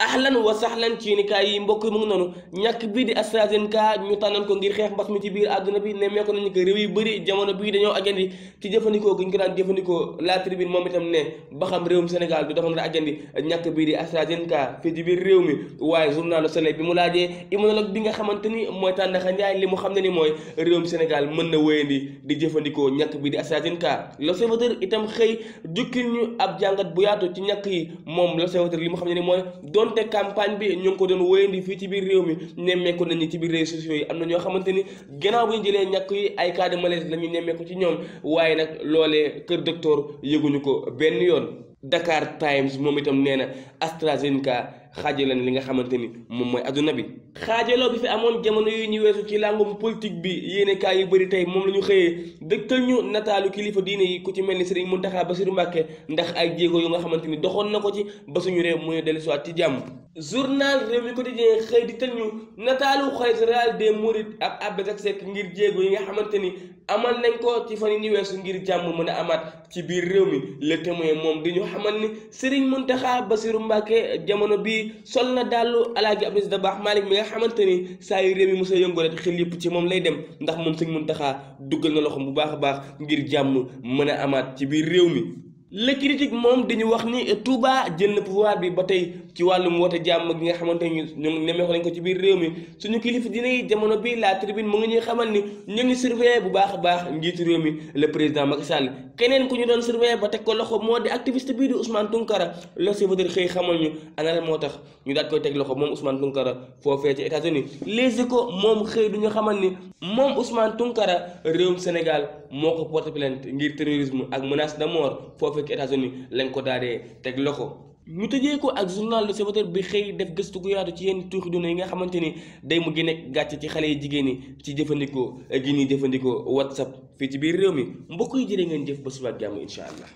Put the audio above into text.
ahlan wa sahlan ci yéenekaay yi mbokk mu ngi noonu ñàkk bii di AstraZeneca ñu tànnoon ko ngir xeex mbas mi ci biir àdduna bi nemmeeku nañu ko réew yu bëri jamono bii dañoo ajandi ci jëfandikoo gu ñu ko jëfandikoo La moom itam ne ba xam réewum Sénégal du doxoon la ajandi ñàkk bii di AstraZeneca fii ci biir réew mi waaye journalu Soleil bi mu laajee immunologue bi nga xamante ni mooy Tandakha Ndiaye li mu xam ne ni mooy réewum Sénégal mën na wéyandi di jëfandikoo ñàkk bii di AstraZeneca L'Observateur itam xëy jukkil ñu ab jàngat bu yaatu ci ñàkk yi moom L'Observateur li mu xam ne ni mooy doon donte campagne bi ñu ngi ko doon wéyandi fii ci biir réew mi nemmeeku nañu ci biir réseaux sociaux yi am na ñoo xamante ni gannaaw bu ñu jëlee ñàkk yi ay cas de malaise la ñu nemmeeku ci ñoom waaye nag loole kër docteur yëguñu ko benn yoon dakaar Times moom itam nee na AstraZeneca xaajal leen li nga xamante ni moom mooy adduna bi xaajaloo bi fi amoon jamono yu ñu weesu ci làngum politique bi yéene yu bëri tey moom la ñu xëyee dëgtal ñu nataalu kilifa diine yi ku ci mel ni Serigne Mountakha Bassirou Mbacké ndax ay jéego yu nga xamante ni doxoon na ko ci ba suñu réew mu ne dellusiwaat ci jàmm journal Rewmi Quotidien xëy di tën ñu nataalu xalifa général des mourides ak Abbé Zak Seck ngir jéego yi nga xamante ni amal nañ ko ci fan yi ñu weesu ngir jàmm mën a amaat ci biir réew mi Le Témoin moom di ñu xamal ni Serigne Mountakha Bassirou Mbacké jamono bii sol na dàllu alaaji Abdou Dabakh Malick mi nga xamante ni saa yu réew mi mos a yëngu rek ci moom lay dem ndax moom Serigne Mountakha duggal na loxoom bu baax a baax ngir jàmm mën a amaat ci biir réew mi. le critique moom dañu wax ni Touba jël na pouvoir bi ba tey ci wàllum woote jàmm gi nga xamante ni ñu nemmeeku nañ ko ci biir réew mi suñu kilifa dina yi jamono bi la tribune mu ngi ñuy xamal ni ñu ngi bu baax a baax njiitu réew mi le président keneen ku ñu doon surveiller ba teg ko loxo moo di activiste bii di Ousmane Tounkara le serviteur xëy moo tax ñu daal koy teg loxo moom Ousmane Tounkara foofee ci États-Unis Les Échos moom xëy du xamal ni moom Ousmane Tounkara réewum Sénégal moo ko porte plainte ngir terrorisme ak menace de mort foofee fekk États-Unis lañ ko daal di teg loxo. ñu tëjee ko ak journal L'Observateur bi xëy def gëstu gu yaatu ci yenn tuuxi doona yi nga xamante ni day mu nekk gàcce ci xale yi jigéen ñi ci jëfandikoo gi ñuy jëfandikoo WhatsApp fii ci biir réew mi mbokk yi jërë ngeen jëf ba suba ak jàmm incha allah.